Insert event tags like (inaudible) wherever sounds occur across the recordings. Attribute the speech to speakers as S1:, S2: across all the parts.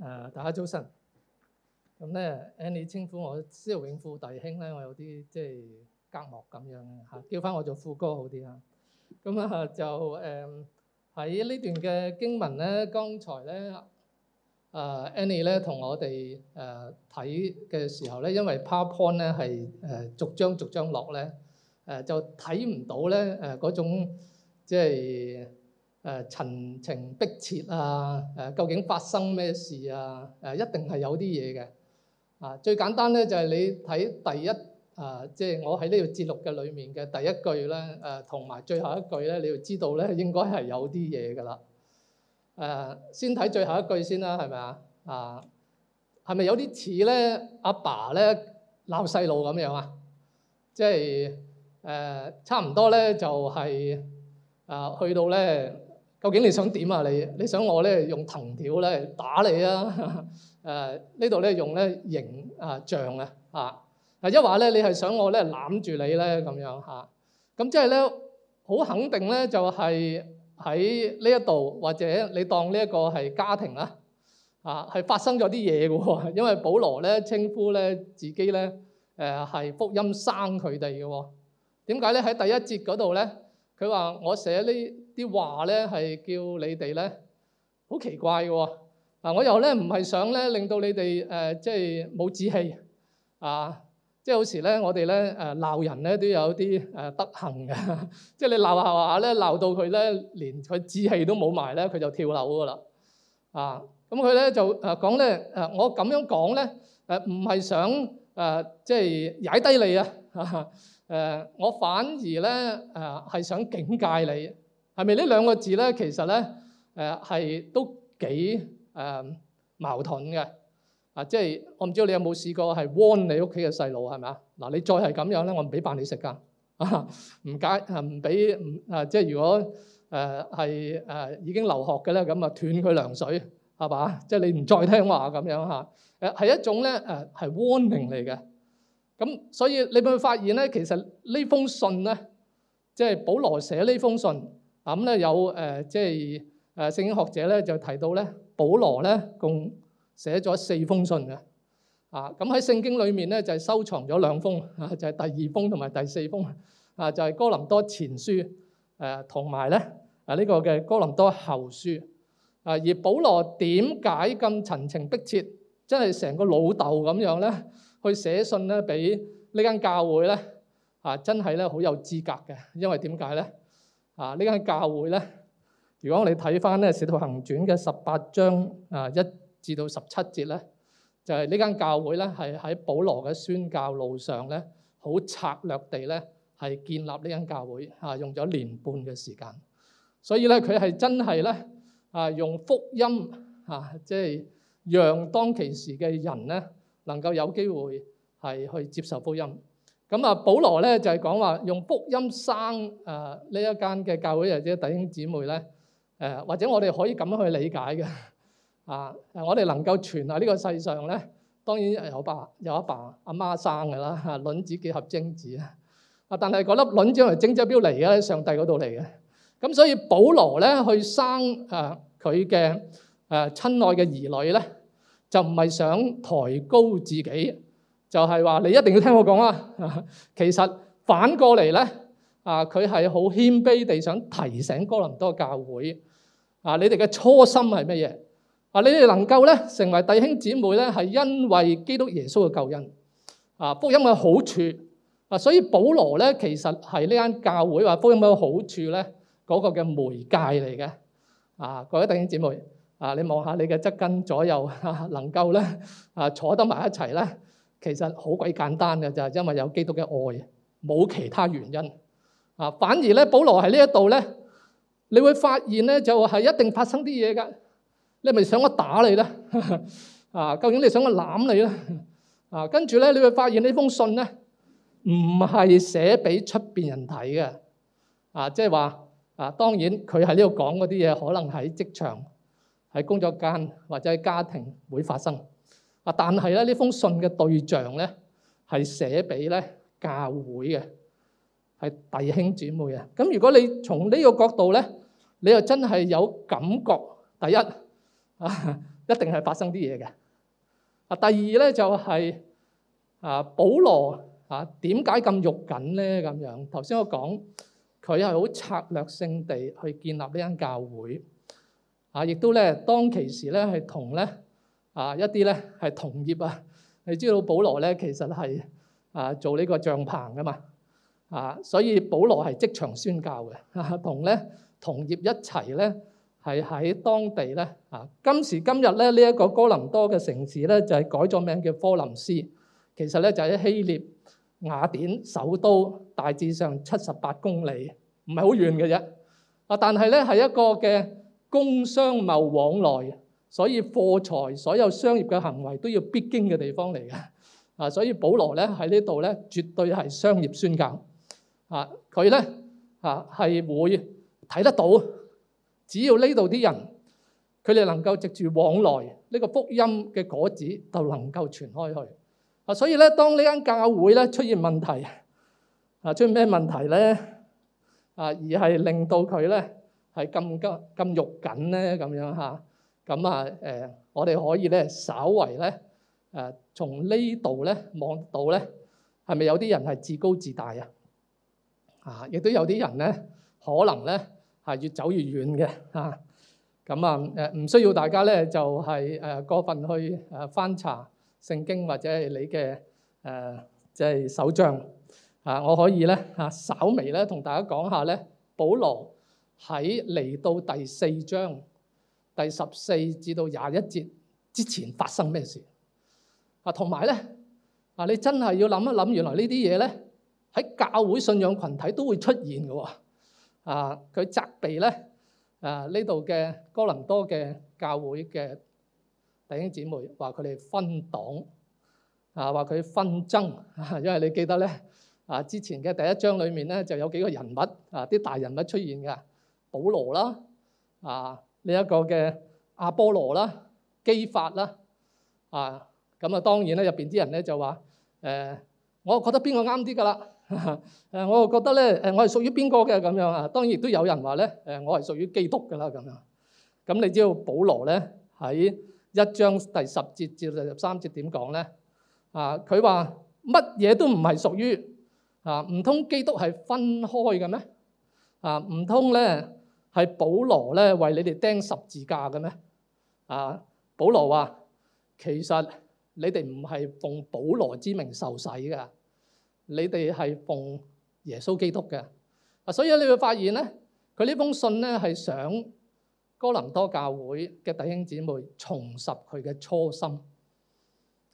S1: 誒大家早晨，咁咧，Annie 稱呼我司徒永富弟兄咧，我有啲即係隔膜咁樣嚇，叫翻我做富哥好啲嚇。咁啊就誒喺呢段嘅經文咧，剛才咧，啊 Annie 咧同我哋誒睇嘅時候咧，因為 PowerPoint 咧係誒逐章逐章落咧，誒就睇唔到咧誒嗰種即係。誒，陳、呃、情逼切啊！誒、呃，究竟發生咩事啊？誒、呃，一定係有啲嘢嘅啊！最簡單咧、呃，就係你睇第一啊，即係我喺呢個節目嘅裏面嘅第一句咧，誒同埋最後一句咧，你就知道咧應該係有啲嘢㗎啦。誒、呃，先睇最後一句先啦，係咪啊？啊，係咪有啲似咧阿爸咧鬧細路咁樣啊？即係誒、呃，差唔多咧就係、是、啊、呃就是呃，去到咧。到究竟你想點啊？你你想我咧用藤條咧打你啊？誒、 (laughs) 呃、呢度咧用咧形啊像啊吓，嗱一話咧你係想我咧攬住你咧咁樣吓？咁、啊、即係咧好肯定咧就係喺呢一度或者你當呢一個係家庭啦，啊係發生咗啲嘢嘅喎，因為保羅咧稱呼咧自己咧誒係福音生佢哋嘅喎，點解咧喺第一節嗰度咧？佢話：我寫呢啲話咧係叫你哋咧好奇怪嘅喎。嗱，我又咧唔係想咧令到你哋誒即係冇志氣啊！即係有時咧我哋咧誒鬧人咧都有啲誒得行嘅。即係你鬧下鬧下咧鬧到佢咧連佢志氣都冇埋咧，佢就跳樓噶啦啊！咁佢咧就誒講咧誒我咁樣講咧誒唔係想誒即係踩低你啊！誒，uh, 我反而咧，誒、呃、係想警戒你，係咪呢兩個字咧？其實咧，誒、呃、係都幾誒、呃、矛盾嘅、啊啊啊。啊，即係我唔知你有冇試過係 warn 你屋企嘅細路係咪啊？嗱、呃，你再係咁樣咧，我唔俾飯你食㗎。啊，唔解啊，唔俾，啊即係如果誒係誒已經留學嘅咧，咁啊斷佢涼水，係嘛？即係你唔再聽話咁樣嚇。誒係一種咧，誒係 warning 嚟嘅。咁所以你會唔會發現咧？其實呢封信咧，即係保羅寫呢封信咁咧有誒、呃，即係誒聖經學者咧就提到咧，保羅咧共寫咗四封信嘅啊。咁喺聖經裏面咧就收藏咗兩封啊，就係第二封同埋第四封啊，就係哥林多前書誒，同埋咧啊呢個嘅哥林多後書啊。而保羅點解咁陳情逼切，真係成個老豆咁樣咧？去寫信咧，俾呢間教會咧，啊，真係咧好有資格嘅，因為點解咧？啊，呢間教會咧，如果我哋睇翻咧《使徒行傳》嘅十八章啊一至到十七節咧，就係呢間教會咧，係喺保羅嘅宣教路上咧，好策略地咧，係建立呢間教會，啊，用咗年半嘅時間。所以咧，佢係真係咧，啊，用福音吓、啊，即係讓當其時嘅人咧。能夠有機會係去接受福音，咁啊，保羅咧就係講話用福音生誒呢一間嘅教會或者弟兄姊妹咧，誒或者我哋可以咁樣去理解嘅啊，我哋能夠傳下呢個世上咧，當然有爸有阿爸阿媽生嘅啦，卵子結合精子啊，啊但係嗰粒卵子同精子都嚟嘅喺上帝嗰度嚟嘅，咁所以保羅咧去生誒佢嘅誒親愛嘅兒女咧。就唔係想抬高自己，就係話你一定要聽我講啊。其實反過嚟咧，啊佢係好謙卑地想提醒哥林多教會，啊你哋嘅初心係乜嘢？啊你哋能夠咧成為弟兄姊妹咧，係因為基督耶穌嘅救恩，啊福音嘅好處。啊所以保羅咧其實係呢間教會話福音嘅好處咧嗰個嘅媒介嚟嘅。啊各位弟兄姊妹。啊！你望下你嘅側根左右、啊、能夠咧啊坐得埋一齊咧，其實好鬼簡單嘅就係因為有基督嘅愛，冇其他原因啊。反而咧，保羅喺呢一度咧，你會發現咧就係一定發生啲嘢㗎。你係咪想我打你咧？啊，究竟你想我攬你咧？啊，跟住咧，你會發現呢封信咧，唔係寫俾出面人睇嘅啊，即係話啊，當然佢喺呢度講嗰啲嘢，可能喺職場。喺工作間或者喺家庭會發生啊！但係咧，呢封信嘅對象咧係寫俾咧教會嘅，係弟兄姊妹啊！咁如果你從呢個角度咧，你又真係有感覺。第一啊，一定係發生啲嘢嘅。啊，第二咧就係啊，保羅啊，點解咁肉緊咧？咁樣頭先我講佢係好策略性地去建立呢間教會。啊！亦都咧，當其時咧，係同咧啊一啲咧係同業啊。你知道保羅咧，其實係啊做呢個帳棚噶嘛啊，所以保羅係職場宣教嘅，同咧同業一齊咧係喺當地咧啊。今時今日咧，呢一個哥林多嘅城市咧就係改咗名叫科林斯，其實咧就喺希臘雅典首都，大致上七十八公里，唔係好遠嘅啫啊！但係咧係一個嘅。工商貿往來，所以貨財，所有商業嘅行為都要必經嘅地方嚟嘅。啊，所以保羅咧喺呢度咧，絕對係商業宣教。啊，佢咧啊係會睇得到，只要呢度啲人，佢哋能夠藉住往來呢個福音嘅果子，就能夠傳開去。啊，所以咧，當呢間教會咧出現問題，啊，出現咩問題咧？啊，而係令到佢咧。係咁急咁肉緊咧，咁樣嚇，咁啊誒，我哋可以咧，稍微咧誒，從、呃、呢度咧望到咧，係咪有啲人係自高自大啊？啊，亦都有啲人咧，可能咧係越走越遠嘅啊。咁啊誒，唔需要大家咧，就係、是、誒、呃、過分去誒翻查聖經或者係你嘅誒即係手帳啊，我可以咧啊，稍微咧同大家講下咧，保羅。喺嚟到第四章第十四至到廿一節之前發生咩事啊？同埋咧啊，你真係要諗一諗，原來呢啲嘢咧喺教會信仰群體都會出現嘅喎啊！佢責備咧啊呢度嘅哥林多嘅教會嘅弟兄姊妹，話佢哋分黨啊，話佢分爭，因為你記得咧啊，之前嘅第一章裡面咧就有幾個人物啊，啲大人物出現㗎。保羅啦，啊呢一個嘅阿波羅啦、基法啦，啊咁啊當然咧入邊啲人咧就話誒，我覺得邊個啱啲㗎喇？誒我又覺得咧誒我係屬於邊個嘅咁樣啊？當然亦都有人話咧誒我係屬於基督㗎喇咁樣。咁你知道保羅咧喺一章第十節至到十三節點講咧啊？佢話乜嘢都唔係屬於啊？唔通基督係分開嘅咩？啊唔通咧？係保羅咧為你哋釘十字架嘅咩？啊，保羅話：其實你哋唔係奉保羅之名受洗嘅，你哋係奉耶穌基督嘅。啊，所以你會發現咧，佢呢封信咧係想哥林多教會嘅弟兄姊妹重拾佢嘅初心。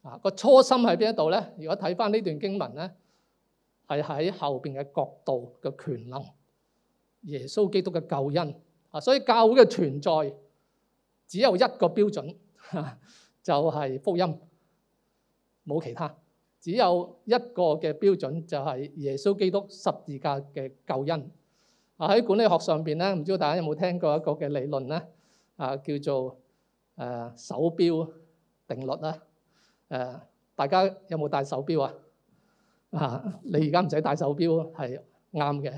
S1: 啊，個初心喺邊一度咧？如果睇翻呢段經文咧，係喺後邊嘅角度嘅權能。耶穌基督嘅救恩啊，所以教會嘅存在只有一個標準，就係福音，冇其他。只有一個嘅標準就係耶穌基督十字架嘅救恩。啊，喺管理學上邊咧，唔知道大家有冇聽過一個嘅理論咧？啊，叫做誒手錶定律啦。誒，大家有冇戴手錶啊？啊，你而家唔使戴手錶啊，係。啱嘅，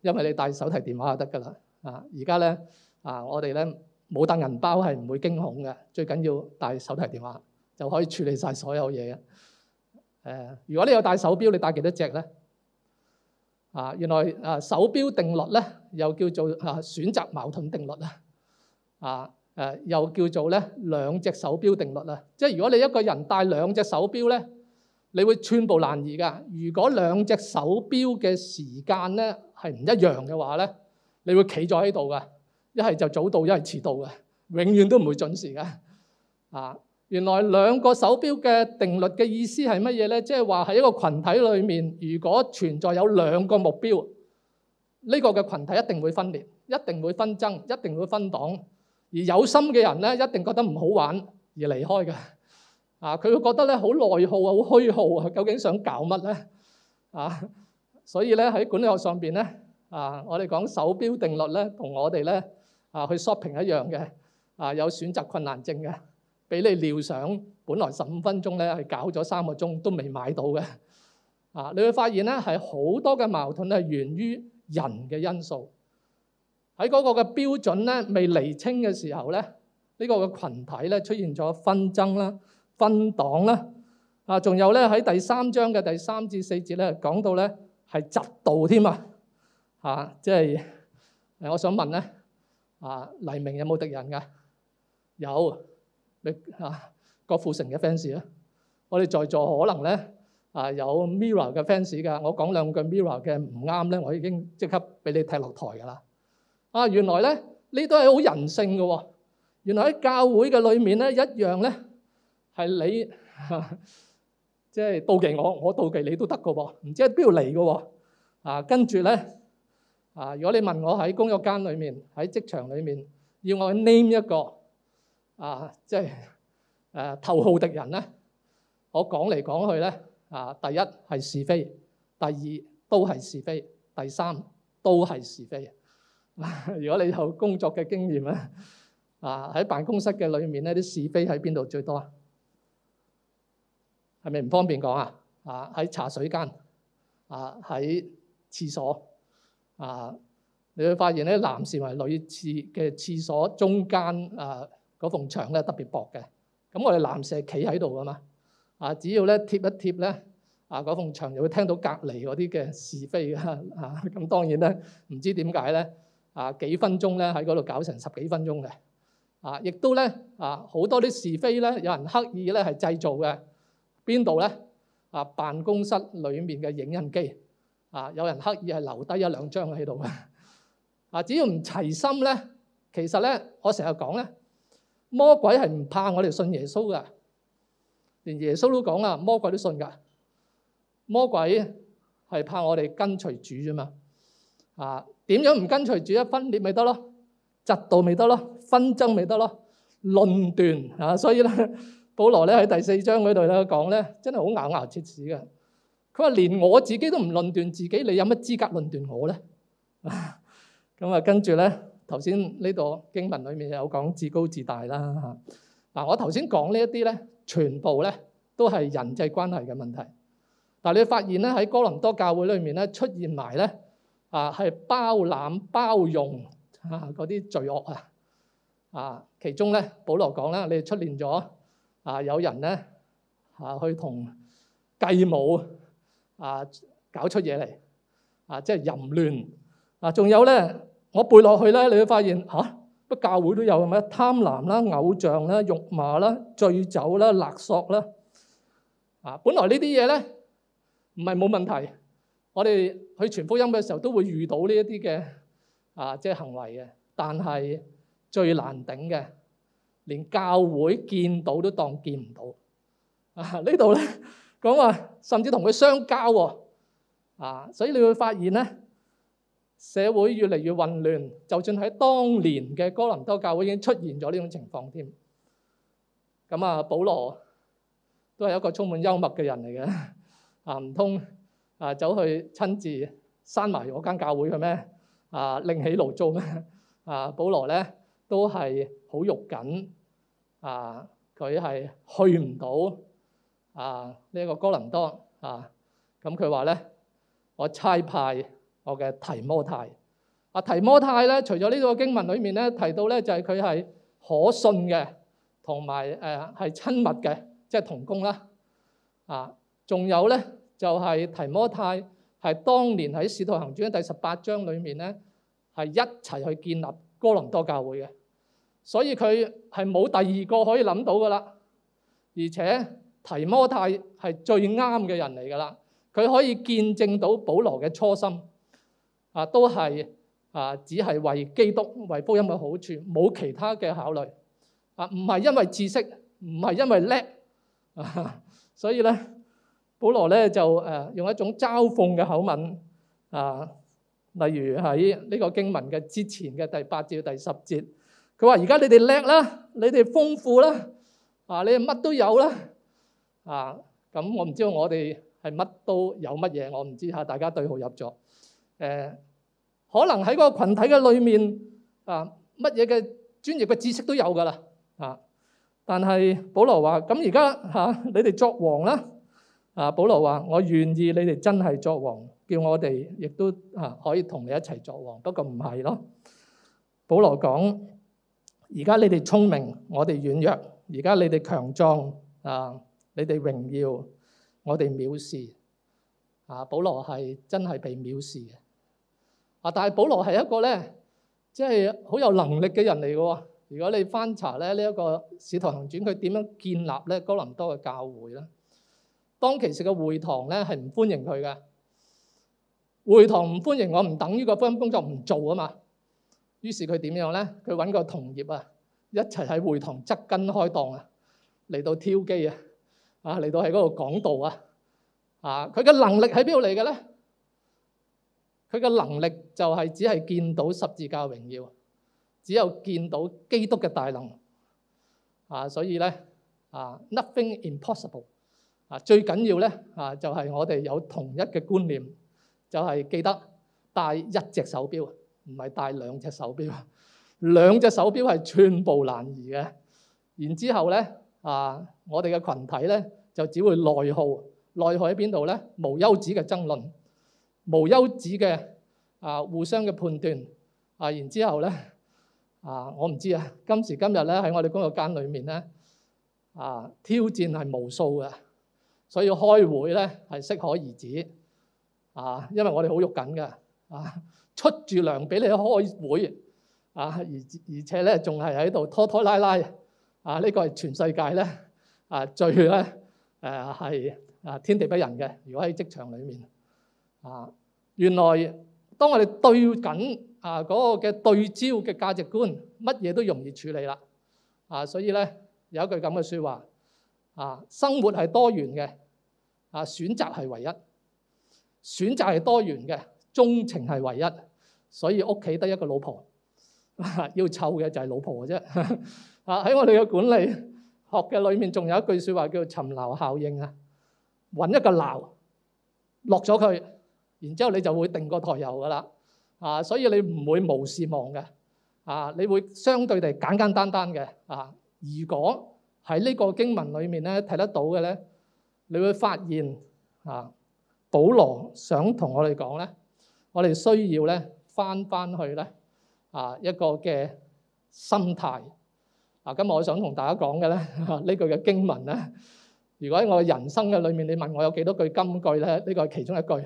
S1: 因為你帶手提電話就得㗎喇。啊，而家咧啊，我哋咧冇帶銀包係唔會驚恐嘅，最緊要帶手提電話就可以處理晒所有嘢。誒，如果你有帶手錶，你帶幾多隻咧？啊，原來啊，手錶定律咧，又叫做啊選擇矛盾定律啦。啊，誒，又叫做咧兩隻手錶定律啦。即係如果你一個人帶兩隻手錶咧。你會寸步難移㗎。如果兩隻手錶嘅時間咧係唔一樣嘅話咧，你會企咗喺度㗎。一係就早到，一係遲到嘅，永遠都唔會準時嘅。啊，原來兩個手錶嘅定律嘅意思係乜嘢咧？即係話喺一個群體裡面，如果存在有兩個目標，呢、這個嘅群體一定會分裂，一定會紛爭，一定會分黨。而有心嘅人咧，一定覺得唔好玩而離開嘅。啊！佢會覺得咧好內耗啊，好虛耗啊。究竟想搞乜咧？啊，所以咧喺管理學上邊咧啊，我哋講手錶定律咧，同我哋咧啊去 shopping 一樣嘅啊，有選擇困難症嘅，俾你料想，本來十五分鐘咧係搞咗三個鐘都未買到嘅啊！你會發現咧係好多嘅矛盾係源於人嘅因素，喺嗰個嘅標準咧未釐清嘅時候咧，呢、這個嘅群體咧出現咗紛爭啦。分黨啦，啊，仲有咧喺第三章嘅第三至四節咧，講到咧係嫉妒添啊，嚇，即係誒，我想問咧，啊，黎明有冇敵人㗎？有，你啊，郭富城嘅 fans 啊，我哋在座可能咧啊有 Mirror 嘅 fans 㗎，我講兩句 Mirror 嘅唔啱咧，我已經即刻俾你踢落台㗎啦。啊，原來咧呢都係好人性嘅喎，原來喺教會嘅裏面咧一樣咧。係你即係妒忌我，我妒忌你都得個噃，唔知係邊度嚟個喎啊！跟住咧啊，如果你問我喺工作間裏面，喺職場裏面，要我去 name 一個啊，即係誒頭號敵人咧，我講嚟講去咧啊，第一係是非，第二都係是非，第三都係是非。如果你有工作嘅經驗咧啊，喺辦公室嘅裏面咧，啲是非喺邊度最多啊？係咪唔方便講啊？啊喺茶水間啊，喺廁所啊，你會發現咧，男士或女廁嘅廁所中間啊，嗰埲牆咧特別薄嘅。咁我哋男士企喺度啊嘛啊，只要咧貼一貼咧啊，嗰埲牆就會聽到隔離嗰啲嘅是非啊啊。咁當然咧，唔知點解咧啊，幾分鐘咧喺嗰度搞成十幾分鐘嘅啊，亦都咧啊好多啲是非咧，有人刻意咧係製造嘅。邊度咧？啊，辦公室裏面嘅影印機啊，有人刻意係留低一兩張喺度嘅。啊，只要唔齊心咧，其實咧，我成日講咧，魔鬼係唔怕我哋信耶穌噶，連耶穌都講啊，魔鬼都信噶。魔鬼係怕我哋跟隨主啫嘛。啊，點樣唔跟隨主？一分裂咪得咯，窒度咪得咯，紛爭咪得咯，論斷啊，所以咧。保羅咧，喺第四章嗰度咧講咧，真係好咬牙切齒嘅。佢話，連我自己都唔論斷自己，你有乜資格論斷我咧？咁啊，跟住咧，頭先呢度經文裏面有講自高自大啦。嗱，我頭先講呢一啲咧，全部咧都係人際關係嘅問題。但係，你發現咧，喺哥林多教會裏面咧出現埋咧啊，係包攬包容啊嗰啲罪惡啊啊，其中咧保羅講啦，你出現咗。啊！有人咧啊，去同繼母啊搞出嘢嚟啊！即係淫亂啊！仲有咧，我背落去咧，你會發現嚇，乜教會都有咩貪婪啦、偶像啦、辱罵啦、醉酒啦、勒索啦啊！本來呢啲嘢咧唔係冇問題，我哋去傳福音嘅時候都會遇到呢一啲嘅啊，即係行為嘅，但係最難頂嘅。連教會見到都當見唔到啊！呢度咧講話甚至同佢相交喎啊！所以你會發現咧，社會越嚟越混亂。就算喺當年嘅哥林多教會已經出現咗呢種情況添。咁啊，保羅都係一個充滿幽默嘅人嚟嘅啊！唔通啊，走去親自閂埋我間教會嘅咩？啊，另起爐灶咩？啊，保羅咧都係好肉緊。啊！佢係去唔到啊！呢、這、一個哥林多啊，咁佢話咧，我差派我嘅提摩太啊，提摩太咧，除咗呢個經文裏面咧提到咧，就係佢係可信嘅，同埋誒係親密嘅，即係同工啦。啊，仲、啊、有咧就係、是、提摩太係當年喺使徒行傳第十八章裏面咧係一齊去建立哥林多教會嘅。所以佢係冇第二個可以諗到噶啦，而且提摩太係最啱嘅人嚟噶啦。佢可以見證到保羅嘅初心啊，都係啊，只係為基督為福音嘅好處，冇其他嘅考慮啊，唔係因為知識，唔係因為叻啊。所以咧，保羅咧就誒用一種嘲諷嘅口吻啊，例如喺呢個經文嘅之前嘅第八節、第十節。佢話：而家你哋叻啦，你哋豐富啦，啊，你哋乜都有啦，啊，咁我唔知道我哋係乜都有乜嘢，我唔知嚇。大家對號入座。誒、欸，可能喺嗰個羣體嘅裏面，啊，乜嘢嘅專業嘅知識都有噶啦，啊。但係保羅話：咁而家嚇你哋作王啦，啊，保羅話我願意你哋真係作王，叫我哋亦都嚇可以同你一齊作王，不過唔係咯。保羅講。而家你哋聰明，我哋軟弱；而家你哋強壯，啊，你哋榮耀，我哋藐視。啊，保羅係真係被藐視嘅。啊，但係保羅係一個咧，即係好有能力嘅人嚟嘅。如果你翻查咧呢一個使徒行傳，佢點樣建立咧哥林多嘅教會咧？當其時嘅會堂咧係唔歡迎佢嘅，會堂唔歡迎我唔等於個福音工作唔做啊嘛。於是佢點樣咧？佢揾個同業啊，一齊喺會堂側跟開檔啊，嚟到挑機啊，啊嚟到喺嗰個講道啊，啊佢嘅能力喺邊度嚟嘅咧？佢嘅能力就係只係見到十字架榮耀，只有見到基督嘅大能啊！所以咧啊，Nothing impossible 啊！最緊要咧啊，就係我哋有同一嘅觀念，就係記得戴一隻手錶。唔係戴兩隻手錶，兩隻手錶係寸步難移嘅。然之後咧，啊，我哋嘅群體咧就只會內耗，內耗喺邊度咧？無休止嘅爭論，無休止嘅啊，互相嘅判斷啊。然之後咧，啊，我唔知啊，今時今日咧喺我哋工作間裏面咧，啊，挑戰係無數嘅，所以開會咧係適可而止啊，因為我哋好喐緊嘅啊。出住糧俾你開會啊！而而且咧，仲係喺度拖拖拉拉啊！呢個係全世界咧啊，最咧誒係啊天地不仁嘅。如果喺職場裡面啊，原來當我哋對緊啊嗰個嘅對焦嘅價值觀，乜嘢都容易處理啦啊！所以咧有一句咁嘅説話啊：生活係多元嘅啊，選擇係唯一；選擇係多元嘅，鍾情係唯一。所以屋企得一個老婆，要湊嘅就係老婆啫。啊！喺我哋嘅管理學嘅裏面，仲有一句説話叫尋鬧效應啊。揾一個鬧落咗佢，然之後你就會定過台油噶啦。啊，所以你唔會無視望嘅啊，你會相對地簡簡單單嘅啊。如果喺呢個經文裏面咧睇得到嘅咧，你會發現啊，保羅想同我哋講咧，我哋需要咧。返返去咧啊，一個嘅心態啊。今日我想同大家講嘅咧，呢句嘅經文咧。如果喺我人生嘅裏面，你問我有幾多句金句咧？呢個係其中一句。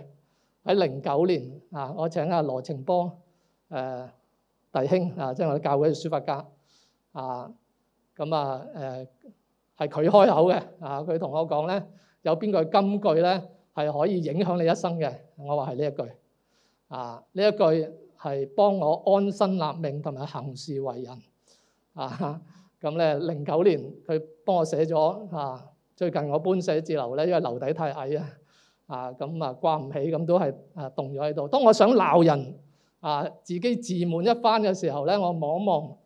S1: 喺零九年啊，我請阿羅晴波誒、呃、弟兄啊，即係我哋教會嘅書法家啊。咁啊誒係佢開口嘅啊。佢、呃、同我講咧，有邊句金句咧係可以影響你一生嘅？我話係呢一句啊。呢一句。呃係幫我安身立命同埋行事為人啊！咁 (laughs) 咧，零九年佢幫我寫咗啊。最近我搬寫字樓咧，因為樓底太矮啊，啊咁啊掛唔起，咁都係啊凍咗喺度。當我想鬧人啊，自己自滿一番嘅時候咧，我望一望，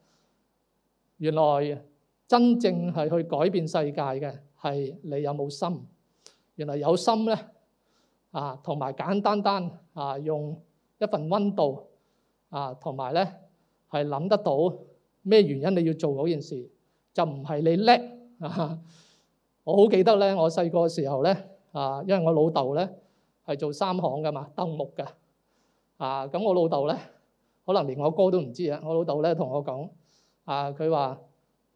S1: 原來真正係去改變世界嘅係你有冇心？原來有心咧啊，同埋簡簡單單啊，用一份溫度。啊，同埋咧，係諗得到咩原因你要做嗰件事，就唔係你叻啊！ (laughs) 我好記得咧，我細個嘅時候咧啊，因為我老豆咧係做三行嘅嘛，登木嘅啊，咁我老豆咧可能連我哥都唔知爸爸啊。我老豆咧同我講啊，佢話：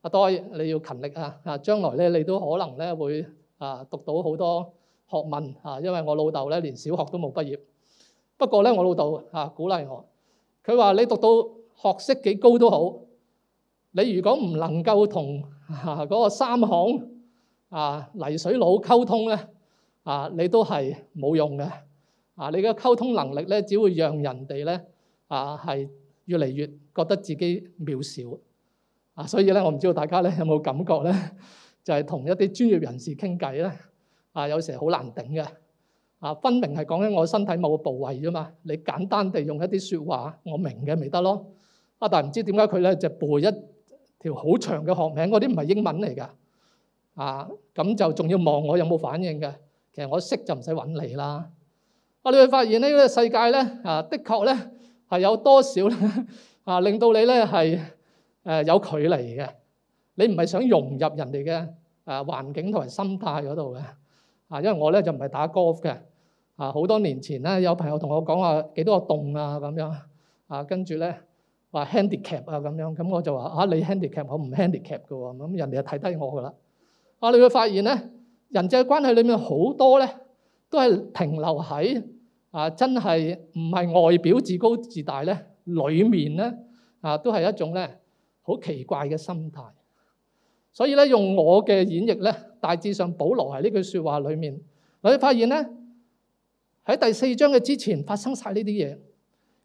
S1: 阿多你要勤力啊啊，將來咧你都可能咧會啊讀到好多學問啊，因為我老豆咧連小學都冇畢業。不過咧，我老豆啊鼓勵我。佢話：你讀到學識幾高都好，你如果唔能夠同嗰個三行啊泥水佬溝通咧，啊你都係冇用嘅。啊，你嘅、啊、溝通能力咧，只會讓人哋咧啊係越嚟越覺得自己渺小。啊，所以咧，我唔知道大家咧有冇感覺咧，就係、是、同一啲專業人士傾偈咧，啊有時好難頂嘅。啊，分明係講緊我身體某個部位啫嘛！你簡單地用一啲説話，我明嘅咪得咯。啊，但係唔知點解佢咧就背一條好長嘅學名，嗰啲唔係英文嚟㗎。啊，咁就仲要望我有冇反應嘅。其實我識就唔使搵你啦。啊，你會發現呢個世界咧，啊，的確咧係有多少咧啊，令到你咧係誒有距離嘅。你唔係想融入人哋嘅誒環境同埋心態嗰度嘅。啊，因為我咧就唔係打 golf 嘅。啊！好多年前咧，有朋友同我講話幾多個洞啊咁樣啊，跟住咧話 handicap 啊咁樣，咁我就話啊你 handicap 好唔 handicap 噶喎，咁人哋就睇低我噶啦。啊，你會發現咧，人際關係裏面好多咧，都係停留喺啊，真係唔係外表自高自大咧，裏面咧啊，都係一種咧好奇怪嘅心態。所以咧，用我嘅演繹咧，大致上保留喺呢句説話裏面，你會發現咧。喺第四章嘅之前發生晒呢啲嘢，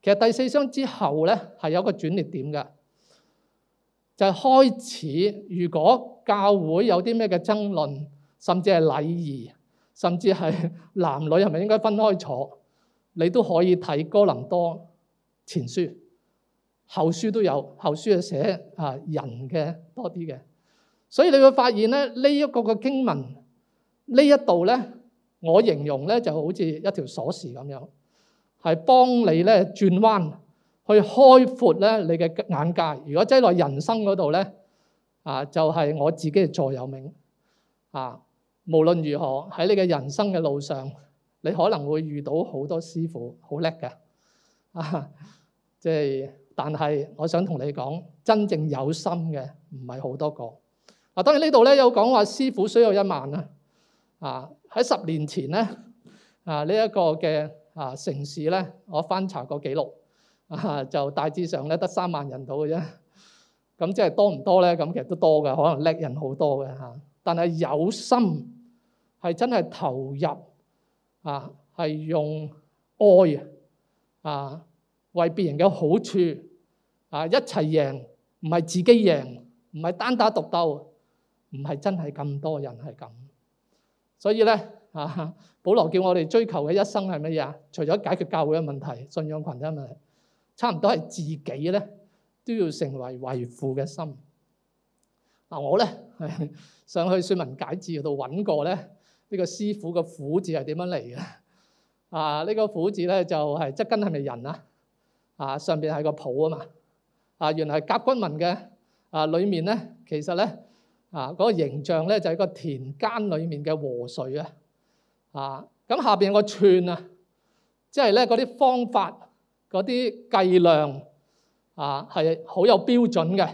S1: 其實第四章之後咧係有個轉捩點嘅，就係開始。如果教會有啲咩嘅爭論，甚至係禮儀，甚至係男女係咪應該分開坐，你都可以睇哥林多前書、後書都有。後書係寫啊人嘅多啲嘅，所以你會發現咧呢一個嘅經文呢一度咧。我形容咧就好似一條鎖匙咁樣，係幫你咧轉彎，去開闊咧你嘅眼界。如果擠落人生嗰度咧，啊就係、是、我自己嘅座右銘啊。無論如何喺你嘅人生嘅路上，你可能會遇到好多師傅好叻嘅啊。即、就、係、是，但係我想同你講，真正有心嘅唔係好多個。嗱、啊，當然呢度咧有講話師傅需要一萬啦啊。喺十年前咧啊，呢一個嘅啊城市咧，我翻查個記錄啊，就大致上咧得三萬人到嘅啫。咁即係多唔多咧？咁其實都多嘅，可能叻人好多嘅嚇。但係有心係真係投入啊，係用愛啊，為別人嘅好處啊一齊贏，唔係自己贏，唔係單打獨鬥，唔係真係咁多人係咁。所以咧，啊，保羅叫我哋追求嘅一生係乜嘢啊？除咗解決教會嘅問題、信仰群體嘅問題，差唔多係自己咧，都要成為為父嘅心。嗱，我咧上去説文解字度揾過咧，呢個師父嘅父字係點樣嚟嘅？啊，呢個父字咧就係側根係咪人啊？啊，上邊係個抱啊嘛。啊，原來係甲骨文嘅啊，裏面咧其實咧。啊，嗰個形象咧就係個田間裏面嘅禾穗啊！啊，咁下邊個串啊，即係咧嗰啲方法、嗰啲計量啊，係好有標準嘅。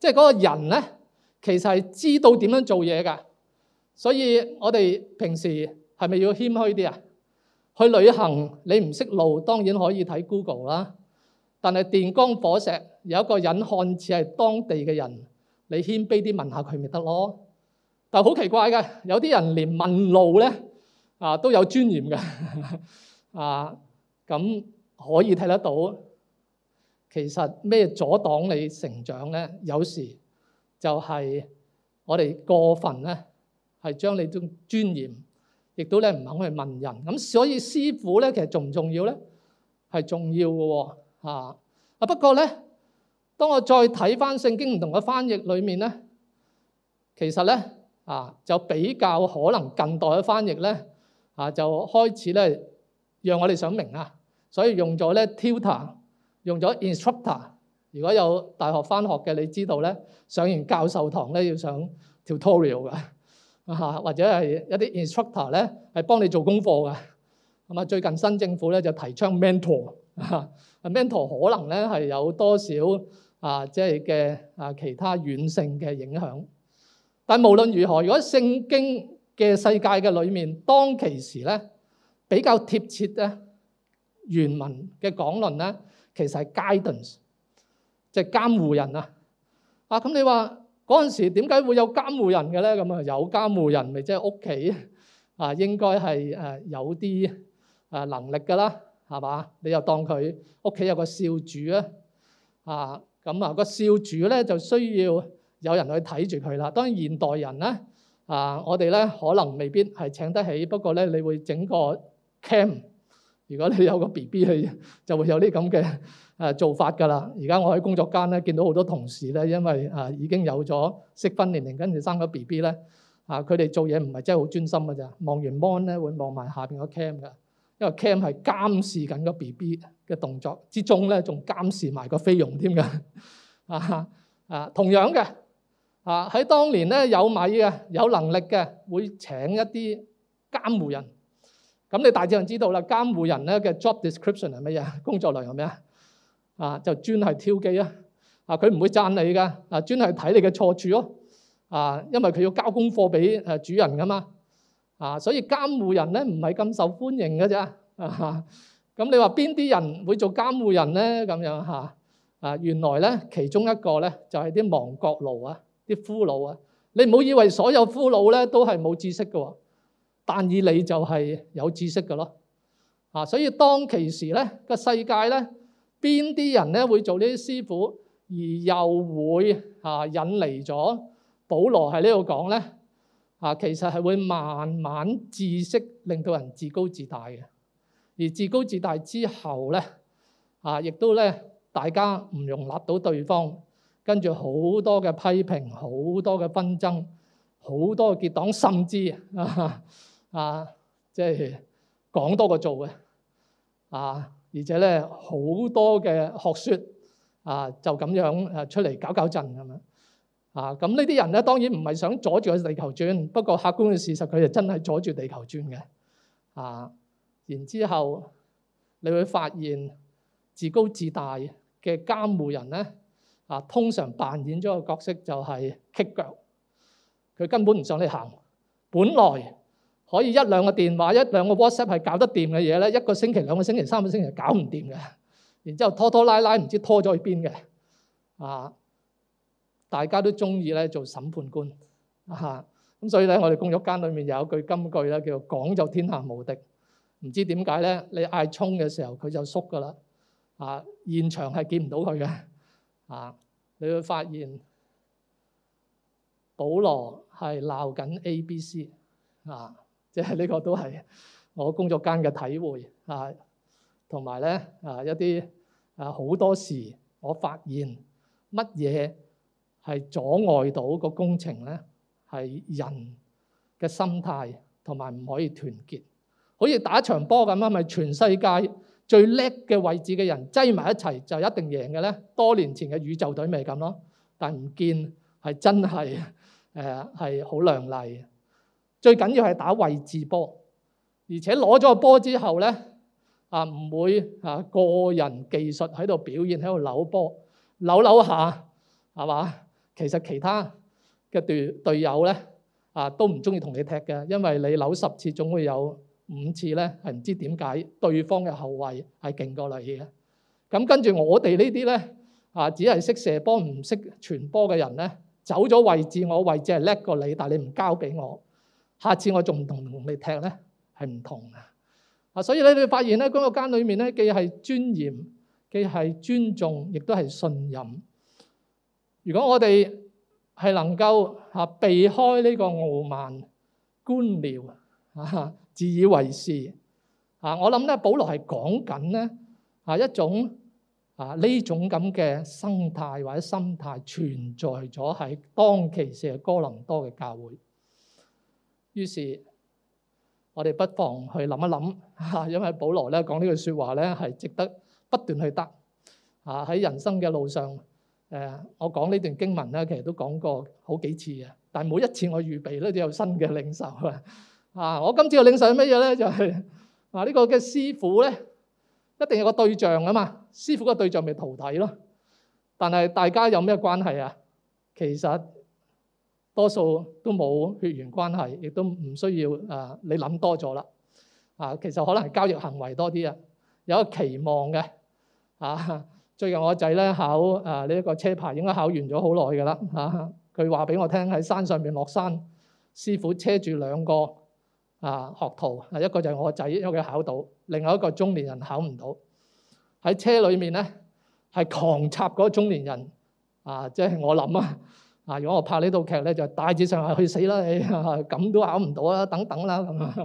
S1: 即係嗰個人咧，其實係知道點樣做嘢㗎。所以我哋平時係咪要謙虛啲啊？去旅行你唔識路，當然可以睇 Google 啦。但係電光火石，有一個人看似係當地嘅人。你謙卑啲問下佢咪得咯？但係好奇怪嘅，有啲人連問路咧啊都有尊嚴嘅啊！咁可以睇得到，其實咩阻擋你成長咧？有時就係我哋過分咧，係將你種尊嚴，亦都咧唔肯去問人。咁所以師傅咧，其實重唔重要咧？係重要嘅喎啊！啊不過咧～當我再睇翻聖經唔同嘅翻譯裏面咧，其實咧啊就比較可能近代嘅翻譯咧啊就開始咧讓我哋想明啊，所以用咗咧 tutor 用咗 instructor。如果有大學翻學嘅，你知道咧上完教授堂咧要上 tutorial 㗎，或者係一啲 instructor 咧係幫你做功課㗎。咁啊，最近新政府咧就提倡 mentor (laughs) mentor 可能咧係有多少？啊，即係嘅啊，其他軟性嘅影響。但係無論如何，如果聖經嘅世界嘅裏面，當其時咧比較貼切咧，原文嘅講論咧，其實係 guidance，即係監護人啊。啊，咁你話嗰陣時點解會有監護人嘅咧？咁啊，有監護人咪即係屋企啊，應該係誒有啲誒能力噶啦，係嘛？你又當佢屋企有個少主啊？啊！咁啊，個少主咧就需要有人去睇住佢啦。當然現代人咧啊、呃，我哋咧可能未必係請得起，不過咧你會整個 cam，如果你有個 BB 去就會有啲咁嘅誒做法㗎啦。而家我喺工作間咧見到好多同事咧，因為啊已經有咗適婚年齡，跟住生個 BB 咧啊，佢哋做嘢唔係真係好專心㗎咋，望完 mon 咧會望埋下邊個 cam 㗎。因為 cam 係監視緊個 B B 嘅動作之中咧，仲監視埋個菲傭添噶啊啊， (laughs) 同樣嘅啊喺當年咧有米嘅有能力嘅會請一啲監護人，咁你大致上知道啦。監護人咧嘅 job description 係乜嘢？工作量係咩啊？啊，就專係挑機啊！啊，佢唔會讚你噶，啊，專係睇你嘅錯處咯。啊，因為佢要交功課俾誒主人噶嘛。啊，所以監護人咧唔係咁受歡迎嘅啫。啊，咁你話邊啲人會做監護人咧？咁樣嚇啊，原來咧其中一個咧就係啲亡國奴啊，啲俘虜啊。你唔好以為所有俘虜咧都係冇知識嘅喎，但以你就係有知識嘅咯。啊，所以當其時咧個世界咧邊啲人咧會做呢啲師傅，而又會嚇引嚟咗保羅喺呢度講咧。啊，其實係會慢慢知識令到人自高自大嘅，而自高自大之後咧，啊，亦都咧大家唔容納到對方，跟住好多嘅批評，好多嘅紛爭，好多嘅結黨，甚至啊，啊，即係講多過做嘅，啊，而且咧好多嘅學説啊，就咁樣誒出嚟搞搞震咁樣。啊，咁呢啲人咧，當然唔係想阻住個地球轉，不過客觀嘅事實，佢就真係阻住地球轉嘅。啊，然之後，你會發現自高自大嘅監護人咧，啊，通常扮演咗個角色就係棘腳，佢根本唔想你行。本來可以一兩個電話、一兩個 WhatsApp 係搞得掂嘅嘢咧，一個星期、兩個星期、三個星期搞唔掂嘅，然之後拖拖拉拉，唔知拖咗去邊嘅，啊。大家都中意咧做審判官啊，咁所以咧，我哋工作間裏面有一句金句咧，叫講就天下無敵。唔知點解咧，你嗌衝嘅時候佢就縮噶啦啊！現場係見唔到佢嘅啊，你會發現保羅係鬧緊 A、B、C 啊，即係呢個都係我工作間嘅體會啊。同埋咧啊，一啲啊好多時，我發現乜嘢？係阻礙到個工程咧，係人嘅心態同埋唔可以團結，好似打場波咁啊！咪全世界最叻嘅位置嘅人擠埋一齊就一定贏嘅咧。多年前嘅宇宙隊咪咁咯，但唔見係真係誒，係好亮麗。最緊要係打位置波，而且攞咗個波之後咧啊，唔會啊個人技術喺度表現喺度扭波扭扭下係嘛？其實其他嘅隊隊友咧，啊都唔中意同你踢嘅，因為你扭十次總會有五次咧，係唔知點解對方嘅後衞係勁過你嘅。咁跟住我哋呢啲咧，啊，呢啊只係識射波唔識傳波嘅人咧，走咗位置，我位置係叻過你，但係你唔交俾我，下次我仲唔同你踢咧，係唔同嘅。啊，所以咧你會發現咧嗰、那個間裏面咧既係尊嚴，既係尊重，亦都係信任。如果我哋係能夠嚇避開呢個傲慢、官僚、嚇自以為是，嚇我諗咧，保羅係講緊咧嚇一種嚇呢種咁嘅生態或者心態存在咗喺當其時嘅哥林多嘅教會。於是，我哋不妨去諗一諗嚇，因為保羅咧講呢句説話咧係值得不斷去得嚇喺人生嘅路上。誒，uh, 我講呢段經文咧，其實都講過好幾次嘅，但係每一次我預備咧都有新嘅領受、uh, 就是。啊！啊，我今次嘅領受係乜嘢咧？就係啊，呢個嘅師傅咧，一定有個對象啊嘛。師傅個對象咪徒弟咯。但係大家有咩關係啊？其實多數都冇血緣關係，亦都唔需要啊！你諗多咗啦。啊，其實可能係交易行為多啲啊，有個期望嘅啊。最近我仔咧考啊呢一、這個車牌應該考完咗好耐㗎啦嚇，佢話俾我聽喺山上面落山，師傅車住兩個啊學徒，嗱一個就係我仔，因為佢考到，另外一個中年人考唔到，喺車裏面咧係狂插嗰中年人啊，即係我諗啊啊！如果我拍呢套劇咧，就大致上係去死啦，你咁都考唔到啊，等等啦咁啊，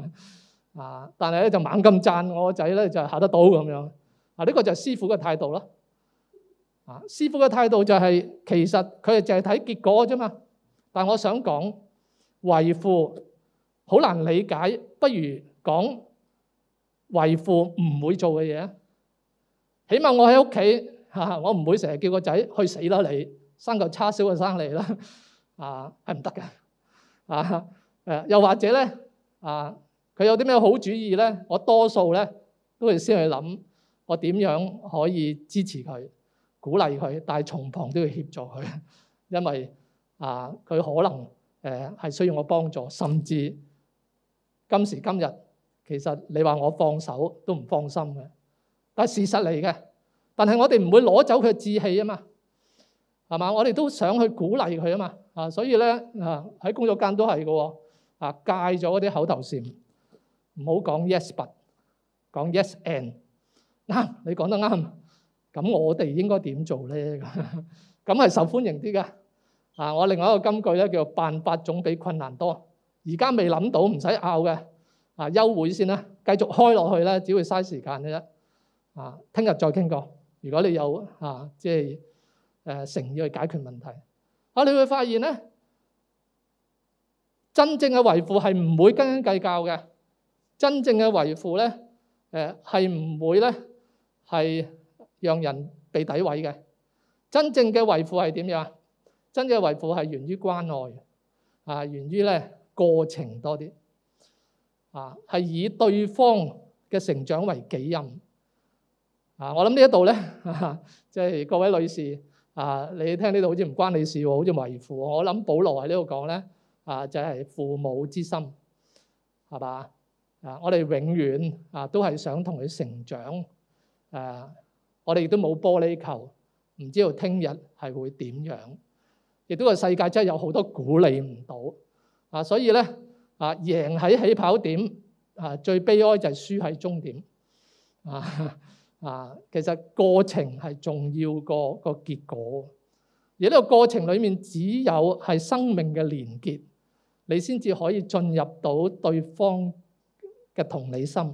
S1: 啊！但係咧就猛咁讚我個仔咧就是、考得到咁樣，嗱、啊、呢、這個就係師傅嘅態度咯。啊！師傅嘅態度就係其實佢淨係睇結果嘅啫嘛。但係我想講為父好難理解，不如講為父唔會做嘅嘢。起碼我喺屋企嚇，我唔會成日叫個仔去死啦。你生嚿叉燒就生你啦啊，係唔得㗎啊誒。又或者咧啊，佢有啲咩好主意咧？我多數咧都會先去諗我點樣可以支持佢。鼓勵佢，但係從旁都要協助佢，因為啊，佢可能誒係需要我幫助，甚至今時今日，其實你話我放手都唔放心嘅。但係事實嚟嘅，但係我哋唔會攞走佢嘅志氣啊嘛，係嘛？我哋都想去鼓勵佢啊嘛。啊，所以咧啊喺工作間都係嘅，啊戒咗嗰啲口頭禪，唔好講 yes but，講 yes and。嗱，你講得啱。咁我哋應該點做咧？咁咁係受歡迎啲噶啊！我另外一個金句咧叫辦法總比困難多。而家未諗到，唔使拗嘅啊，休會先啦，繼續開落去啦，只會嘥時間嘅啫啊！聽日再傾過。如果你有啊，即係誒誠意去解決問題啊，你會發現咧，真正嘅維護係唔會斤斤計較嘅。真正嘅維護咧，誒係唔會咧係讓人被詆毀嘅，真正嘅維護係點樣啊？真正嘅維護係源於關愛，啊，源於咧過程多啲，啊，係以對方嘅成長為己任，啊，我諗呢一度咧，即、啊、係、就是、各位女士啊，你聽呢度好似唔關你事，好似維護。我諗保羅喺呢度講咧，啊，就係、是、父母之心，係嘛？啊，我哋永遠啊都係想同佢成長，誒、啊。我哋亦都冇玻璃球，唔知道聽日係會點樣，亦都個世界真係有好多鼓勵唔到啊！所以咧啊，贏喺起跑點啊，最悲哀就係輸喺終點啊啊！其實過程係重要過個結果，而呢個過程裡面只有係生命嘅連結，你先至可以進入到對方嘅同理心。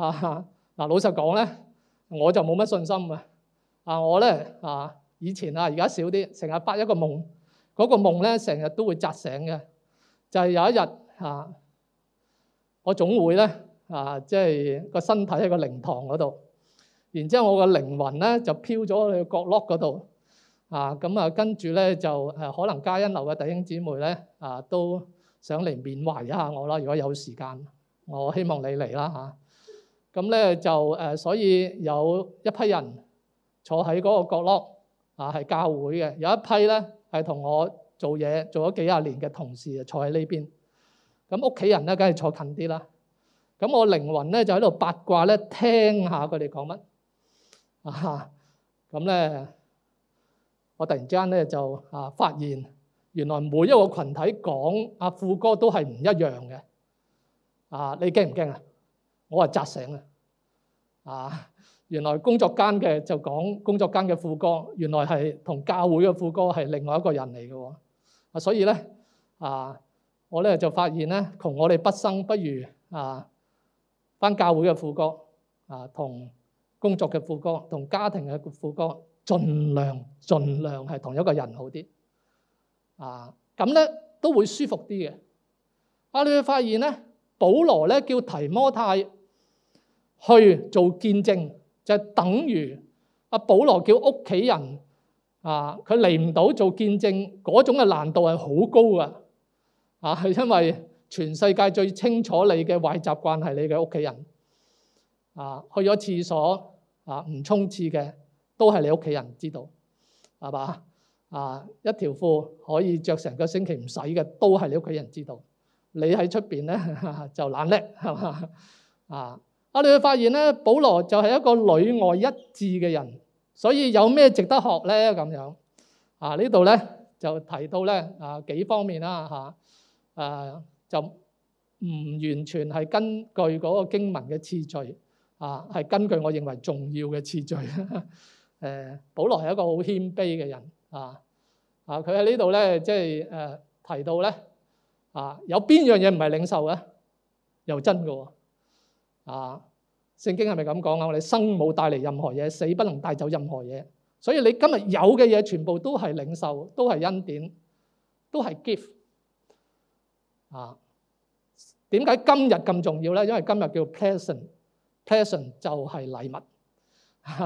S1: 啊嗱，老實講咧，我就冇乜信心啊！啊，我咧啊，以前啊，而家少啲，成日發一個夢，嗰個夢咧，成日都會扎醒嘅。就係有一日啊，我總會咧啊，即係個身體喺個靈堂嗰度，然之後我嘅靈魂咧就飄咗去角落嗰度啊。咁啊，跟住咧就誒，可能加恩樓嘅弟兄姊妹咧啊，都想嚟緬懷一下我啦。如果有時間，我希望你嚟啦嚇。咁咧就誒，所以有一批人坐喺嗰個角落啊，係教會嘅；有一批咧係同我做嘢做咗幾廿年嘅同事，就坐喺呢邊。咁屋企人咧，梗係坐近啲啦。咁我靈魂咧就喺度八卦咧，聽下佢哋講乜啊。咁咧，我突然之間咧就啊發現，原來每一個群體講阿富哥都係唔一樣嘅。啊，你驚唔驚啊？我係扎醒啦！啊，原來工作間嘅就講工作間嘅副歌，原來係同教會嘅副歌係另外一個人嚟嘅喎。啊，所以咧啊，我咧就發現咧，同我哋不生不如啊，返教會嘅副歌，啊，同工作嘅副歌，同家庭嘅副歌，儘量儘量係同一個人好啲啊。咁咧都會舒服啲嘅。啊，你會發現咧，保羅咧叫提摩太。去做見證就是、等於阿保羅叫屋企人啊，佢嚟唔到做見證嗰種嘅難度係好高嘅啊，係因為全世界最清楚你嘅壞習慣係你嘅屋企人啊，去咗廁所啊，唔沖廁嘅都係你屋企人知道，係嘛？啊，一條褲可以着成個星期唔使嘅都係你屋企人知道，你喺出邊咧就懶叻係嘛啊？我哋會發現咧，保羅就係一個裏外一致嘅人，所以有咩值得學咧咁樣這呢？啊，呢度咧就提到咧啊幾方面啦吓，啊就唔完全係根據嗰個經文嘅次序啊，係根據我認為重要嘅次序。誒、啊，保羅係一個好謙卑嘅人啊啊，佢、啊、喺呢度咧即係誒提到咧啊，有邊樣嘢唔係領受嘅？又真㗎喎！啊！聖經係咪咁講啊？我哋生冇帶嚟任何嘢，死不能帶走任何嘢。所以你今日有嘅嘢，全部都係領受，都係恩典，都係 gift。啊！點解今日咁重要咧？因為今日叫 present，present 就係禮物。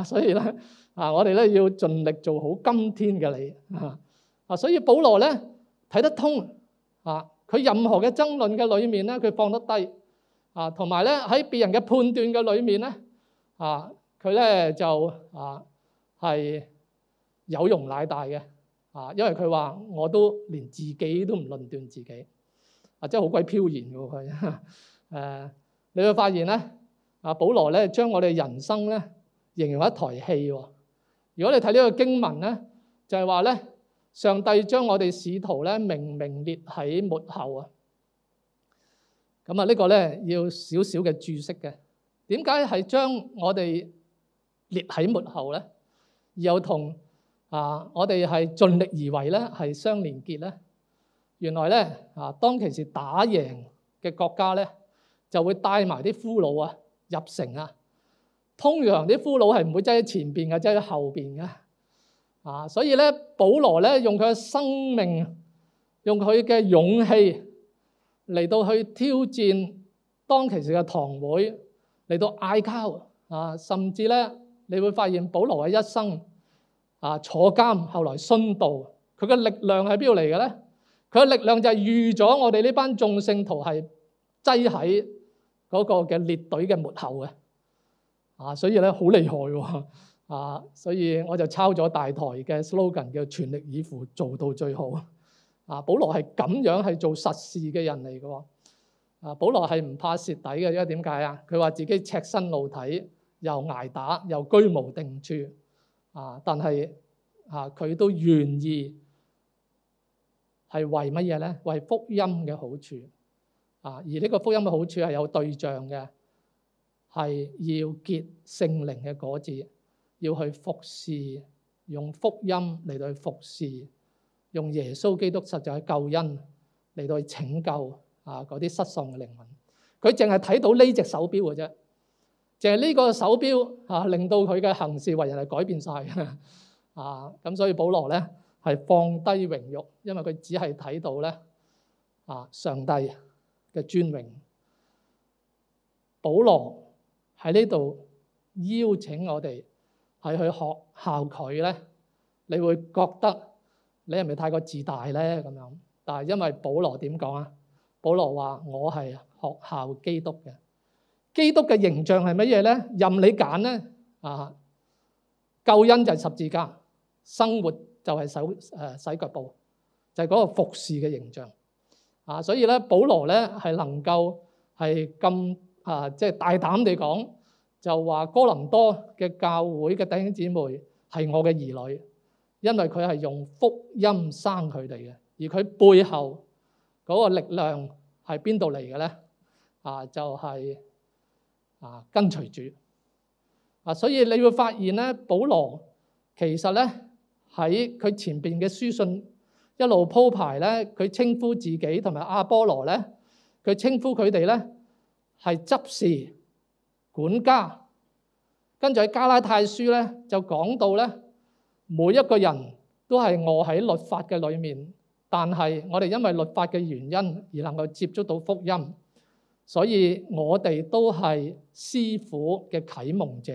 S1: 所以咧啊，我哋咧要盡力做好今天嘅你啊！啊，所以保羅咧睇得通啊！佢任何嘅爭論嘅裏面咧，佢放得低。啊，同埋咧喺別人嘅判斷嘅裏面咧，啊，佢咧就啊係有容乃大嘅，啊，因為佢話我都連自己都唔論斷自己，啊真係好鬼飄然喎佢。誒、啊，你會發現咧，啊，保羅咧將我哋人生咧形容一台戲喎、啊。如果你睇呢個經文咧，就係話咧上帝將我哋使徒咧明明列喺末後啊。咁啊，個小小呢個咧要少少嘅注釋嘅。點解係將我哋列喺幕後咧？又同啊，我哋係盡力而為咧，係相連結咧。原來咧啊，當其時打贏嘅國家咧，就會帶埋啲俘虜啊入城啊。通常啲俘虜係唔會擠喺前邊嘅，擠喺後邊嘅。啊，所以咧，保羅咧用佢嘅生命，用佢嘅勇氣。嚟到去挑戰當其時嘅堂會，嚟到嗌交，甚至咧，你會發現保羅嘅一生啊坐監，後來殉道，佢嘅力量係邊度嚟嘅呢？佢嘅力量就係預咗我哋呢班眾聖徒係擠喺嗰個嘅列隊嘅末後嘅啊！所以咧好厲害喎啊！所以我就抄咗大台嘅 slogan 叫全力以赴做到最好。啊，保羅係咁樣，係做實事嘅人嚟嘅喎。啊，保羅係唔怕蝕底嘅，因為點解啊？佢話自己赤身露體，又挨打，又居無定處。啊，但係啊，佢都願意係為乜嘢咧？為福音嘅好處。啊，而呢個福音嘅好處係有對象嘅，係要結聖靈嘅果子，要去服侍，用福音嚟到去服侍。用耶穌基督實在係救恩嚟到去拯救啊嗰啲失喪嘅靈魂，佢淨係睇到呢隻手表嘅啫，淨係呢個手表啊令到佢嘅行事為人係改變晒啊咁， (laughs) 所以保羅咧係放低榮辱，因為佢只係睇到咧啊上帝嘅尊榮。保羅喺呢度邀請我哋係去學效佢咧，你會覺得。你係咪太過自大咧？咁樣，但係因為保羅點講啊？保羅話我係學校基督嘅，基督嘅形象係乜嘢咧？任你揀咧，啊，救恩就係十字架，生活就係手誒洗腳布，就係嗰個服侍嘅形象。啊，所以咧，保羅咧係能夠係咁啊，即係大膽地講，就話哥林多嘅教會嘅弟兄姊妹係我嘅兒女。因為佢係用福音生佢哋嘅，而佢背後嗰個力量係邊度嚟嘅咧？啊，就係啊跟隨主啊，所以你會發現咧，保羅其實咧喺佢前邊嘅書信一路鋪排咧，佢稱呼自己同埋阿波羅咧，佢稱呼佢哋咧係執事管家，跟住喺加拉太書咧就講到咧。每一個人都係我喺律法嘅裏面，但係我哋因為律法嘅原因而能夠接觸到福音，所以我哋都係師傅嘅啟蒙者。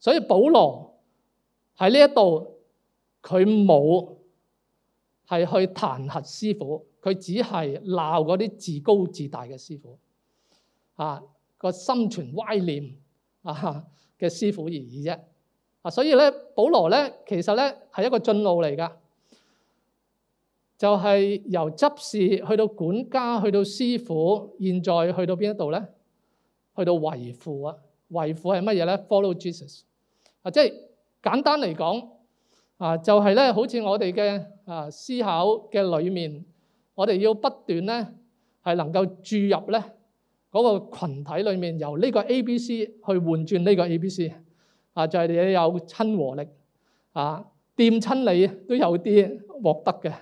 S1: 所以保羅喺呢一度佢冇係去彈劾師傅，佢只係鬧嗰啲自高自大嘅師傅啊、嗰個心存歪念啊嘅師傅而已啫。所以咧，保羅咧，其實咧係一個進路嚟噶，就係由執事去到管家，去到師傅，現在去到邊一度咧？去到為父啊！為父係乜嘢咧？Follow Jesus 啊！即係簡單嚟講啊，就係咧，好似我哋嘅啊思考嘅裏面，我哋要不斷咧係能夠注入咧嗰個羣體裏面，由呢個 A、B、C 去換轉呢個 A、B、C。啊，就係你有親和力，啊，掂親你都有啲獲得嘅，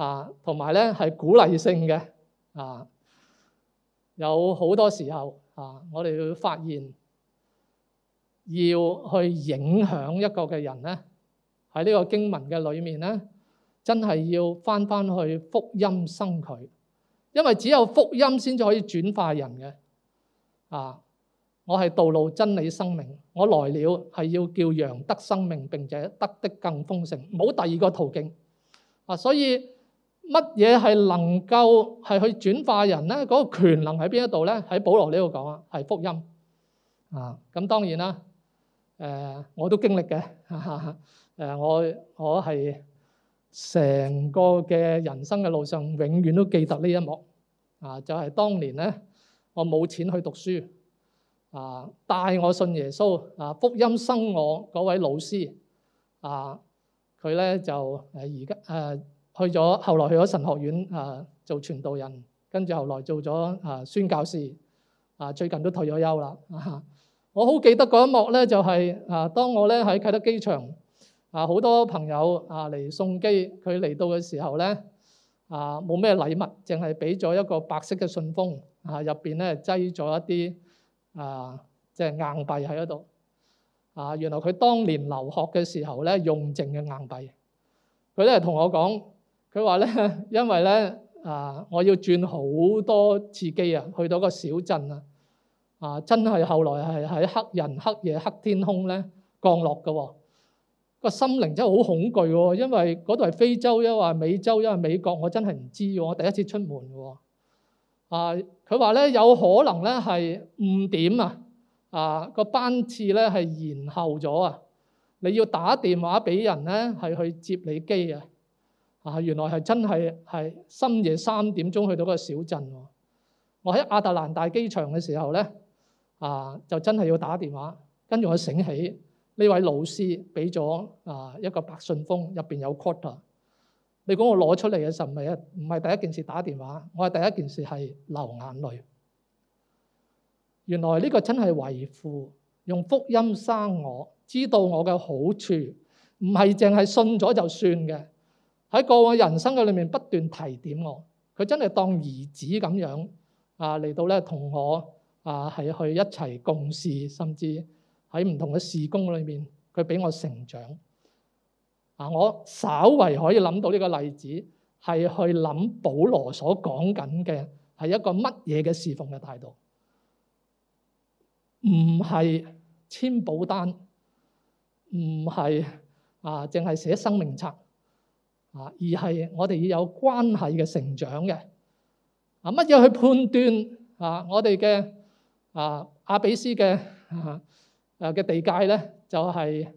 S1: 啊，同埋咧係鼓勵性嘅，啊，有好多時候啊，我哋會發現要去影響一個嘅人咧，喺呢個經文嘅裏面咧，真係要返返去福音生佢，因為只有福音先至可以轉化人嘅，啊。我係道路真理生命，我來了，係要叫羊得生命，並且得的更豐盛，冇第二個途徑啊！所以乜嘢係能夠係去轉化人咧？嗰個權能喺邊一度咧？喺保羅呢度講啊，係福音啊！咁當然啦，誒、呃、我都經歷嘅誒，我我係成個嘅人生嘅路上，永遠都記得呢一幕啊！就係當年咧，我冇錢去讀書。啊！帶我信耶穌啊！福音生我嗰位老師啊，佢咧就誒而家誒去咗，後來去咗神學院啊做傳道人，跟住後來做咗啊宣教士啊，最近都退咗休啦。我好記得嗰一幕咧，就係啊，當我咧喺啟德機場啊，好多朋友啊嚟送機，佢嚟到嘅時候咧啊，冇咩禮物，淨係俾咗一個白色嘅信封啊，入邊咧擠咗一啲。啊，即、就、係、是、硬幣喺度啊！原來佢當年留學嘅時候咧，用剩嘅硬幣。佢都係同我講，佢話咧，因為咧啊，我要轉好多次機啊，去到個小鎮啊啊！真係後來係喺黑人、黑夜、黑天空咧降落嘅喎。個、啊、心靈真係好恐懼喎、啊，因為嗰度係非洲，因為美洲，因為美國，我真係唔知喎，我第一次出門喎。啊！佢話咧，有可能咧係誤點啊，啊個班次咧係延後咗啊！你要打電話俾人咧係去接你機啊！啊，原來係真係係深夜三點鐘去到個小鎮喎！我喺亞特蘭大機場嘅時候咧啊，就真係要打電話，跟住我醒起呢位老師俾咗啊一個白信封，入邊有 quarter。你講我攞出嚟嘅時候，唔係第一件事打電話，我係第一件事係流眼淚。原來呢個真係為父用福音生我，知道我嘅好處，唔係淨係信咗就算嘅。喺過去人生嘅裏面不斷提點我，佢真係當兒子咁樣啊嚟到咧同我係去一齊共事，甚至喺唔同嘅事工裏面，佢俾我成長。嗱，我稍微可以諗到呢個例子，係去諗保羅所講緊嘅係一個乜嘢嘅侍奉嘅態度？唔係簽保單，唔係啊，淨係寫生命冊啊，而係我哋要有關係嘅成長嘅啊，乜嘢去判斷啊我哋嘅啊阿比斯嘅啊誒嘅地界咧，就係、是？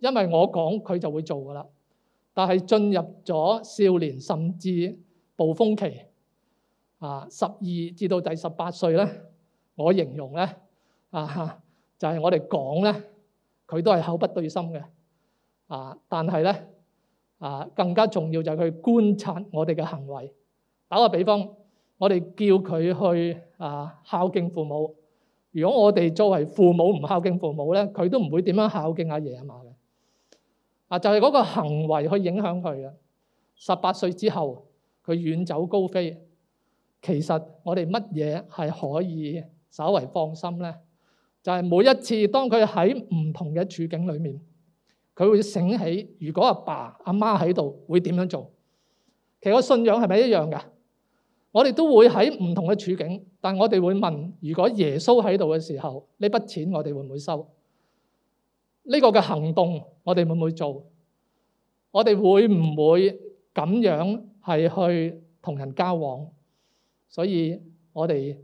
S1: 因為我講佢就會做㗎喇，但係進入咗少年甚至暴風期啊，十二至到第十八歲咧，我形容咧啊，就係我哋講咧，佢都係口不對心嘅啊。但係咧啊，更加重要就係佢觀察我哋嘅行為。打個比方，我哋叫佢去啊孝敬父母，如果我哋作為父母唔孝敬父母咧，佢都唔會點樣孝敬阿爺阿嫲。啊！就係嗰個行為去影響佢嘅。十八歲之後，佢遠走高飛。其實我哋乜嘢係可以稍為放心呢？就係、是、每一次當佢喺唔同嘅處境裡面，佢會醒起：如果阿爸阿媽喺度，會點樣做？其實個信仰係咪一樣嘅？我哋都會喺唔同嘅處境，但我哋會問：如果耶穌喺度嘅時候，呢筆錢我哋會唔會收？呢個嘅行動，我哋會唔會做？我哋會唔會咁樣係去同人交往？所以我哋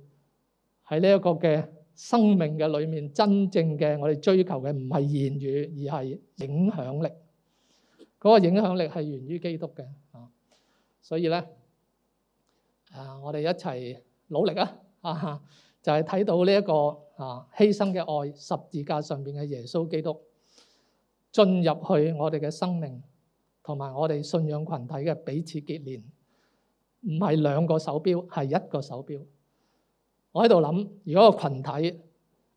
S1: 喺呢一個嘅生命嘅裏面，真正嘅我哋追求嘅唔係言語，而係影響力。嗰個影響力係源於基督嘅啊，所以咧啊，我哋一齊努力啊！啊，就係睇到呢一個啊犧牲嘅愛，十字架上邊嘅耶穌基督。進入去我哋嘅生命同埋我哋信仰群體嘅彼此結連，唔係兩個手錶，係一個手錶。我喺度諗，如果個羣體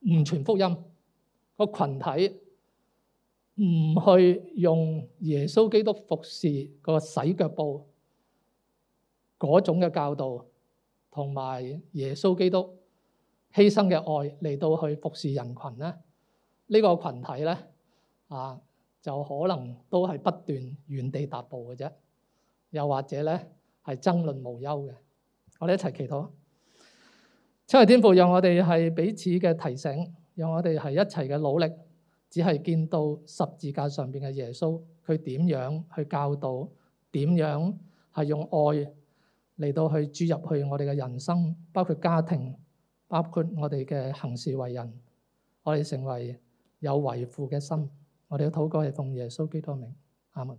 S1: 唔傳福音，個羣體唔去用耶穌基督服侍個洗腳布嗰種嘅教導，同埋耶穌基督犧牲嘅愛嚟到去服侍人群呢，呢、呢個群體呢。啊～就可能都係不斷原地踏步嘅啫，又或者咧係爭論無休嘅。我哋一齊祈禱，親愛天父，讓我哋係彼此嘅提醒，讓我哋係一齊嘅努力，只係見到十字架上邊嘅耶穌，佢點樣去教導，點樣係用愛嚟到去注入去我哋嘅人生，包括家庭，包括我哋嘅行事為人，我哋成為有為父嘅心。我哋嘅禱告係奉耶穌基督名，阿門。